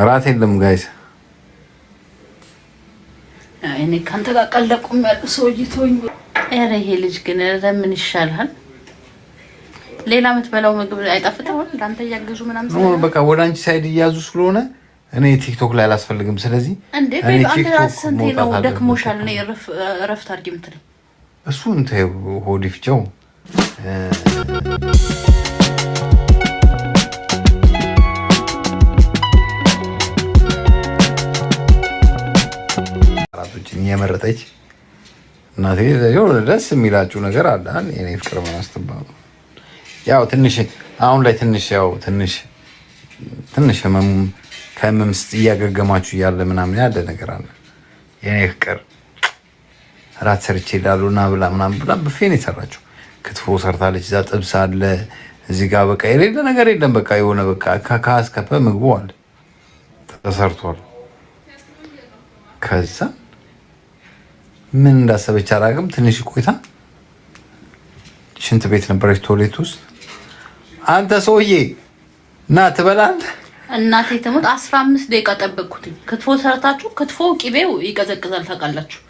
እራት የለም ጋይስ። እኔ ካንተ ጋር ቀለቁም ያለ ሰውዬ ተወኝ። ኧረ ይሄ ልጅ ግን ለምን ይሻልሃል? ሌላ የምትበላው ምግብ አይጣፍጥም። ለአንተ እያገዙ ምናምን በቃ ወደ አንቺ ሳይድ እያዙ ስለሆነ እኔ ቲክቶክ ላይ አላስፈልግም። ስለዚህ እንዴ አንተ ስንቴ ነው ደክሞሻል? እኔ እረፍት አድርጊ የምትለኝ እሱን ተይው። ሆድ ይፍጨው። ቃላቶችን እየመረጠች እናቴ ደስ የሚላችሁ ነገር አለ። የኔ ፍቅር ማስተባሉ ያው ትንሽ አሁን ላይ ትንሽ ያው ትንሽ ትንሽ ህመሙ ከህመም ስጥ እያገገማችሁ እያለ ምናምን ያለ ነገር አለ። የኔ ፍቅር ራት ሰርቼ ይላሉ እና ብላ ምናምን ብላ ብፌን የሰራችው ክትፎ ሰርታለች። እዛ ጥብስ አለ እዚህ ጋር በቃ የሌለ ነገር የለም። በቃ የሆነ በቃ ከካስከፈ ምግቡ አለ ተሰርቷል። ከዛ ምን እንዳሰበች አላውቅም። ትንሽ ቆይታ ሽንት ቤት ነበረች፣ ቶሌት ውስጥ አንተ ሰውዬ ና ትበላል። እናቴ ትሙት አስራ አምስት ደቂቃ ጠበቅኩትኝ። ክትፎ ሰርታችሁ ክትፎ ቂቤው ይቀዘቅዛል ታውቃላችሁ።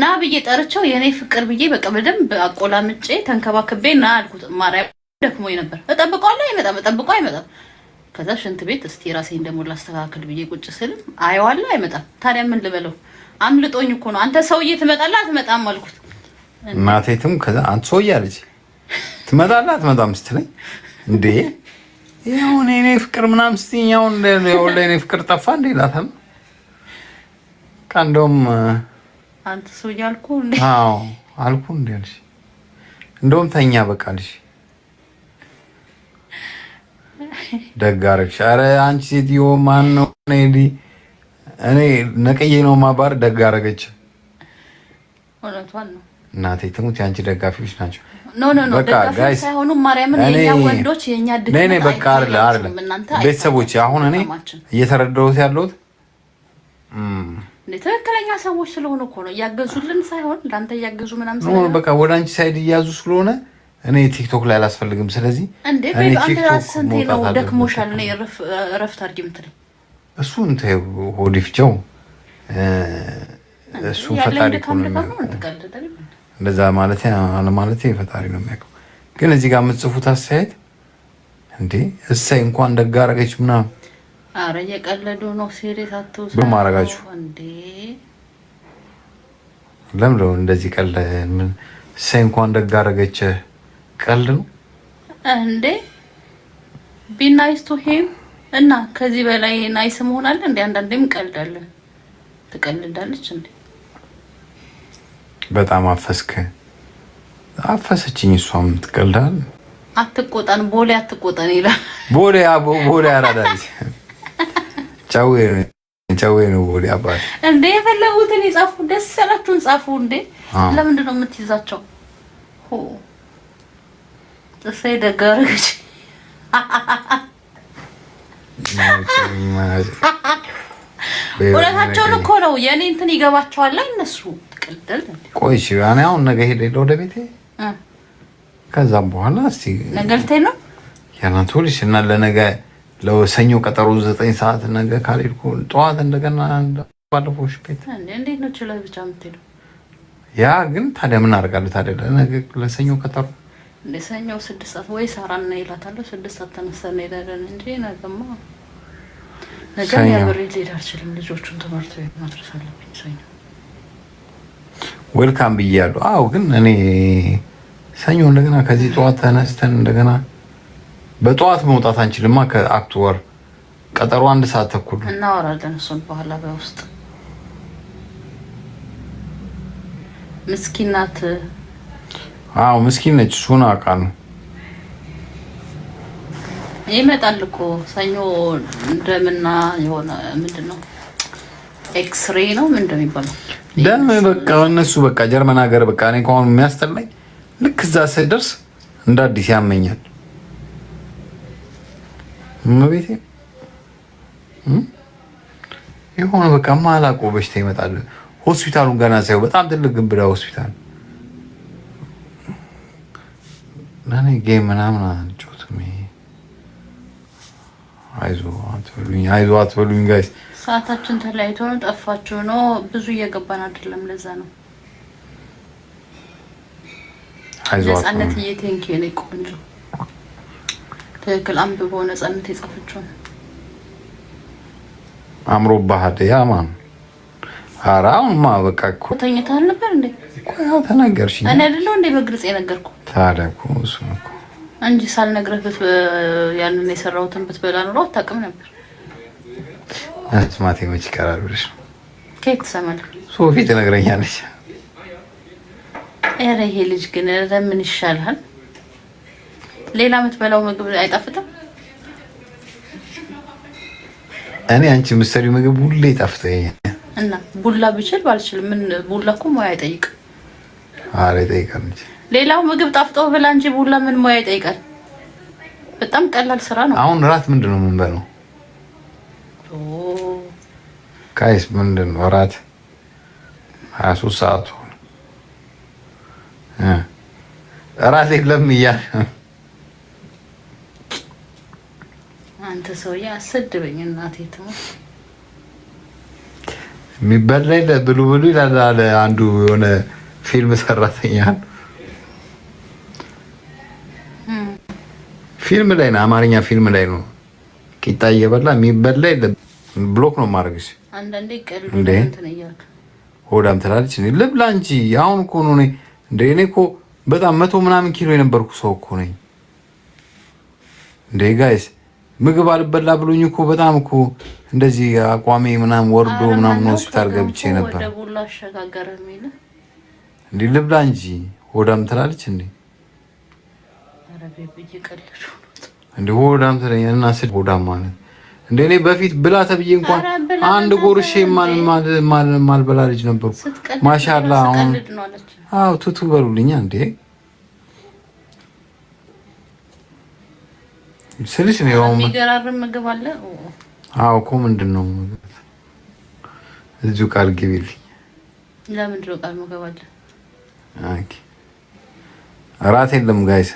ና ብዬ ጠርቸው የእኔ ፍቅር ብዬ በቃ በደንብ አቆላምጬ ተንከባክቤ ና አልኩት። ማርያም ደክሞኝ ነበር። እጠብቀዋለሁ አይመጣም፣ እጠብቀው አይመጣም። ከዛ ሽንት ቤት እስቲ ራሴን ደግሞ ላስተካክል ብዬ ቁጭ ስልም አየዋለሁ አይመጣም። ታዲያ ምን ልበለው? አምልጦኝ እኮ ነው። አንተ ሰውዬ ትመጣለህ አትመጣም አልኩት። እናቴትም ከዛ አንተ ሰውዬ አለች ትመጣለህ አትመጣም ስትለኝ እንዴ የሆነ የኔ ፍቅር ምናምን ስትይኝ አሁን የሆነ የኔ ፍቅር ጠፋ እንዴ ላተም እንደውም አንተ ሰውዬ አልኩ እንዴ አዎ አልኩ እንዴ አልሽ። እንደውም ተኛ በቃ አልሽ። ደግ አደረግሽ። ኧረ አንቺ ሴትዮ ማን ነው ኔዲ እኔ ነቅዬ ነው ማባር ደግ አደረገች። እናቴ ትሙት የአንቺ ደጋፊዎች ናቸው። በቃ ቤተሰቦች አሁን እኔ እየተረዳሁት ያለሁት ትክክለኛ ሰዎች ስለሆኑ እኮ ነው። እያገዙልን ሳይሆን ለአንተ እያገዙ ምናምን በቃ ወደ አንቺ ሳይድ እያዙ ስለሆነ እኔ ቲክቶክ ላይ አላስፈልግም። ስለዚህ እንዴ አንተ ስንቴ ነው ደክሞሻል፣ እረፍት አድርጊ የምትለኝ እሱ እንተ ሆድ ይፍጨው። እሱ ፈጣሪ እንደዛ ማለት አለማለቴ ፈጣሪ ነው የሚያውቀው። ግን እዚህ ጋር የምትጽፉት አስተያየት እንዴ እሰይ እንኳን ደጋ አረገች ምናምን፣ ኧረ እየቀለዱ ነው። ሴሪየስ አትወስድ ማረጋችሁ እንዴ? ለምን እንደዚህ ቀልድ? ምን እሰይ እንኳን ደጋ አረገች ቀልድ ነው እንዴ? ቢ ናይስ ቱ ሂም እና ከዚህ በላይ ናይስ መሆን አለ እንዴ? አንዳንዴም ቀልዳለን። ትቀልዳለች እንዴ? በጣም አፈስክ። አፈሰችኝ። እሷም ትቀልዳል። አትቆጣን፣ ቦሌ አትቆጣን ይላል። ቦሌ ቦሌ አራዳል ጫዌ ጫዌ ነው ቦሌ። አባት እንዴ የፈለጉትን ይጻፉ፣ ደስ ያላችሁን ጻፉ። እንዴ ለምንድን ነው የምትይዛቸው? ሆ እሰይ ደጋረገች እውነታቸውን እኮ ነው። የእኔ እንትን ይገባቸዋል ላይ እነሱ ቅልል ቆይ እኔ አሁን ነገ ሄደለ ወደ ቤቴ ከዛም በኋላ እስቲ ነገልቴ ነው እና ለነገ ለሰኞ ቀጠሮ ዘጠኝ ሰዓት ነገ ካልሄድኩ ጠዋት እንደገና ባለፈው ቤት እንዴት ነው ችለህ ብቻ የምትሄደው? ያ ግን ታዲያ ምን አደርጋለሁ ታዲያ ለነገ ለሰኞ ቀጠሮ ስድስት ሰዓት ወይ ይላታለሁ። ስድስት ሰዓት ተነስተን እንሄዳለን እንጂ ነገማ ነገር ልጆቹን ትምህርት ቤት ማድረስ አለብኝ። ሰኞ ዌልካም ብያሉ። አዎ ግን እኔ ሰኞ እንደገና ከዚህ ጠዋት ተነስተን እንደገና በጠዋት መውጣት አንችልማ። ከአክት ወር ቀጠሮ አንድ ሰዓት ተኩል እናወራለን። እሱን በኋላ በውስጥ ምስኪናት። ናት። አዎ ምስኪን ነች። እሱን አውቃለሁ። ይመጣል እኮ ሰኞ ደምና የሆነ ምንድን ነው ኤክስሬ ነው ምን እንደሚባለው ደም በቃ እነሱ በቃ ጀርመን ሀገር በቃ እኔ ከሆኑ የሚያስጠላኝ ልክ እዛ ስደርስ እንደ አዲስ ያመኛል። ቤቴ የሆነ በቃ ማላቆ በሽታ ይመጣል። ሆስፒታሉን ገና ሳይው በጣም ትልቅ ግንብዳ ሆስፒታል ጌም ምናምን አይዞ አትበሉኝ፣ አይዞ አትበሉኝ ጋይስ። ሰዓታችን ተለያይቶ ነው ጠፋችሁ ነው። ብዙ እየገባን አይደለም፣ ለዛ ነው። አይዞ አትበሉኝ። ነጻነት እየቴንክ ነው ቆንጆ፣ ትክክል አንብቦ ነጻነት የጻፈችው አምሮ ባህደ ያማን አራውን ማ በቃ እኮ ተኝታል ነበር እንዴ? ተናገርሽ። እኔ አይደለሁ እንዴ በግልጽ የነገርኩ ታዲያ እኮ እሱ እኮ እንጂ ሳልነግረህ ያንን የሰራሁትን ብትበላ ኑሮ አታውቅም ነበር። አስማቴ መች ይቀራል ብለሽ ነው። ከየት ትሰማለህ? ሶፊ ትነግረኛለች። ኧረ ይሄ ልጅ ግን ምን ይሻልሃል? ሌላ የምትበላው ምግብ አይጣፍጥም። እኔ አንቺ የምትሰሪው ምግብ ሁሌ ይጣፍጠኛል። እና ቡላ ብችል ባልችል ምን ቡላ እኮ ሙያ አይጠይቅም አረ ይጠይቃል እንጂ ሌላው ምግብ ጣፍጦ ብላ እንጂ ቡላ ምን ሙያ ይጠይቃል? በጣም ቀላል ስራ ነው። አሁን እራት ምንድን ነው የምንበለው? ካይስ ምንድን ነው እራት? ሀያ ሶስት ሰዓቱ እራት የለም እያለ አንተ ሰውዬ አሰድበኝ እናቴ ትሙት። የሚበላ የለ ብሉ ብሉ ይላል አንዱ የሆነ ፊልም ሰራተኛ ፊልም ላይ ነው፣ አማርኛ ፊልም ላይ ነው። ቂጣ እየበላ የሚበላ የለም። ብሎክ ነው ማድረግሽ። ሆዳም ትላለች። ልብላ እንጂ አሁን እኮ ነው እንደ እኔ እኮ በጣም መቶ ምናምን ኪሎ የነበርኩ ሰው እኮ ነኝ። እንደ ጋይስ ምግብ አልበላ ብሎኝ እኮ በጣም እኮ እንደዚህ አቋሜ ምናምን ወርዶ ምናምን ሆስፒታል ገብቼ ነበር። እንዴ ልብላ እንጂ ሆዳም ትላለች እንዴ እንዴ ሆዳም ትለኛ እና ስል ሆዳም ማለት እንዴ እኔ በፊት ብላ ተብዬ እንኳን አንድ ጎርሼ ማልበላ ልጅ ነበርኩ። ማሻላ አሁን አዎ ቱቱ በሉልኛ እንዴ ስልሽ ነው ያው የሚገራርም ምግብ አለ። አዎ እኮ ምንድን ነው እዚሁ ቃል ግቢልኝ። ለምንድን ነው ቃል ምግብ አለ እራት የለም ጋይስ።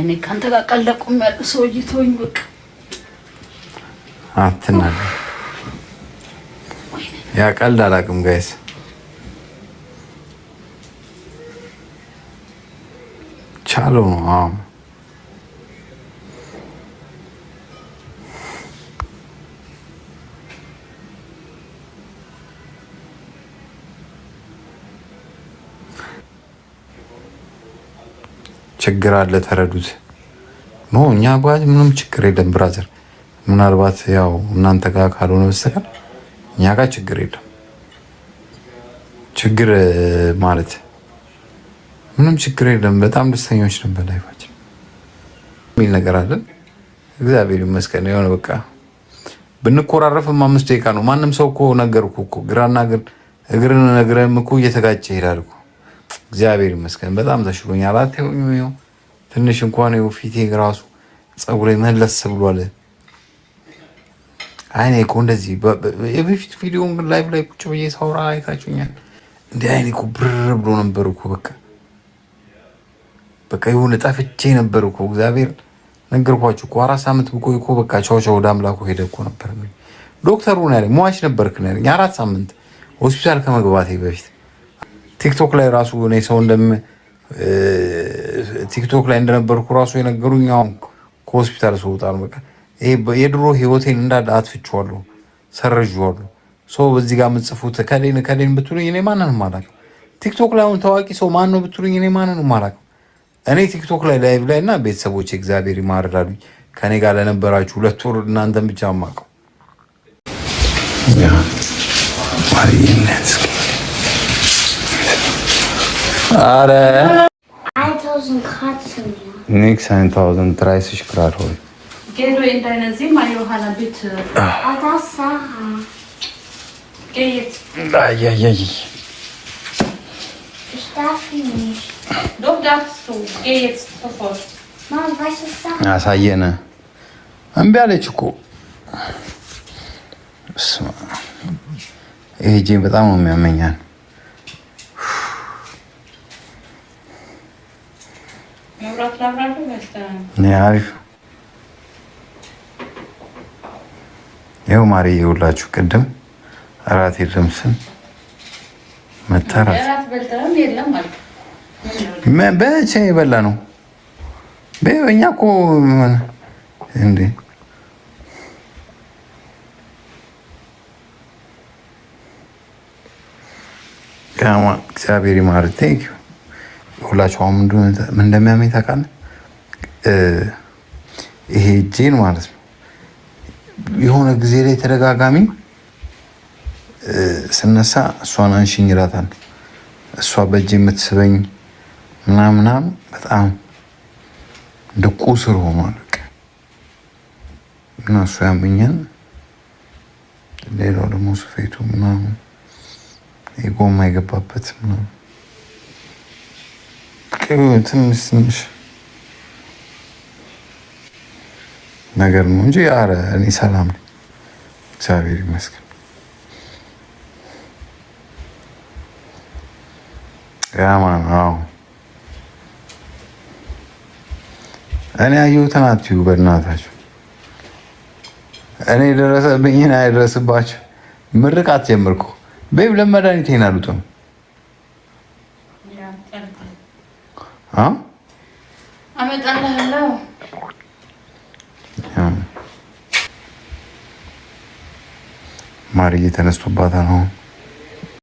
እኔ ካንተ ጋር ቀለቁም ያሉ ሰውዬ ተወኝ በቃ አትናለ ያ ቀልድ አላውቅም ጋይስ። ቻሎ ነው። አዎ ችግር አለ ተረዱት። ኖ እኛ ጋር ምንም ችግር የለም ብራዘር። ምናልባት ያው እናንተ ጋር ካልሆነ በስተቀር እኛ ጋር ችግር የለም። ችግር ማለት ምንም ችግር የለም። በጣም ደስተኞች ነን በላይፋችን የሚል ነገር አለን። እግዚአብሔር ይመስገን። የሆነ በቃ ብንኮራረፍም አምስት ደቂቃ ነው። ማንም ሰው እኮ ነገርኩ እኮ ግራና እግርን ነግረም እኮ እየተጋጨ ይሄዳል እኮ እግዚአብሔር ይመስገን በጣም ተሽሎኛል። አራት ው ትንሽ እንኳን ው ፊቴ ራሱ ጸጉሬ መለስ ብሏል። አይኔ እኮ እንደዚህ የበፊት ቪዲዮን ላይቭ ላይ ቁጭ ብዬ ሳውራ አይታችሁኛል። እንደ አይኔ እኮ ብር ብሎ ነበር እኮ በቃ በቃ የሆነ ጠፍቼ ነበር እኮ እግዚአብሔር ነገርኳችሁ እኮ አራት ሳምንት ብቆይ እኮ በቃ ቻው ቻው ወደ አምላኩ ሄደ እኮ ነበር። ዶክተሩ ነው ያለኝ ሟች ነበርክ ነው ያለኝ አራት ሳምንት ሆስፒታል ከመግባቴ በፊት ቲክቶክ ላይ ራሱ እኔ ሰው እንደም ቲክቶክ ላይ እንደነበርኩ ራሱ የነገሩኝ አሁን ከሆስፒታል ስወጣ ነው። በቃ የድሮ ህይወቴን እንዳለ አጥፍቼዋለሁ፣ ሰረዤዋለሁ። ሰው በዚህ ጋር የምጽፉት ከሌን ከሌን ብትሉኝ እኔ ማንንም አላውቅም። ቲክቶክ ላይ አሁን ታዋቂ ሰው ማን ነው ብትሉኝ እኔ ማንንም አላውቅም። እኔ ቲክቶክ ላይ ላይቭ ላይ እና ቤተሰቦች እግዚአብሔር ይማርዳሉኝ ከኔ ጋር ለነበራችሁ ሁለት ወር እናንተን ብቻ አማቀው Are. 1000 Grad zu ja. Nix 1030 Grad heute. Geh du in dein Zimmer, Johanna, bitte. Ah. Oh, das Sarah. Geh jetzt. Eieiei. Ich darf nicht. Doch darfst du. Geh jetzt sofort. Mama, weißt du Sarah? Das ah, ist Hyäne. Ambiale Chuku. So. ይሄ እጄ በጣም ነው የሚያመኛል አሪፍ ይኸው ማሪ የውላችሁ ቅድም እራት የለም ስን መታራት በቼ የበላ ነው። እኛ እኮ እንዴ እግዚአብሔር ይማር። ሁላችሁ አሁን ምን እንደሚያመኝ ታውቃለህ? ይሄ እጄን ማለት ነው የሆነ ጊዜ ላይ ተደጋጋሚ ስነሳ እሷን አንሽኝ ይላታል። እሷ በእጅ የምትስበኝ ምናምናም በጣም እንደ ቁስል ሆኗል እና እሱ ያመኛል። ሌላው ደግሞ ስፌቱ ምናምን የጎማ የገባበት ምናምን ትንሽ ትንሽ ነገር ነው እንጂ አረ እኔ ሰላም ነኝ፣ እግዚአብሔር ይመስገን። ያማን አዎ፣ እኔ ያየሁትን አትዩ፣ በእናታችሁ እኔ የደረሰብኝን አይደረስባችሁ። ምርቃት ጀምርኩ ቤብ ለመድኃኒት ይሄን አሉት ነው አመጣለሁ ማርዬ ተነስቶባታል አሁን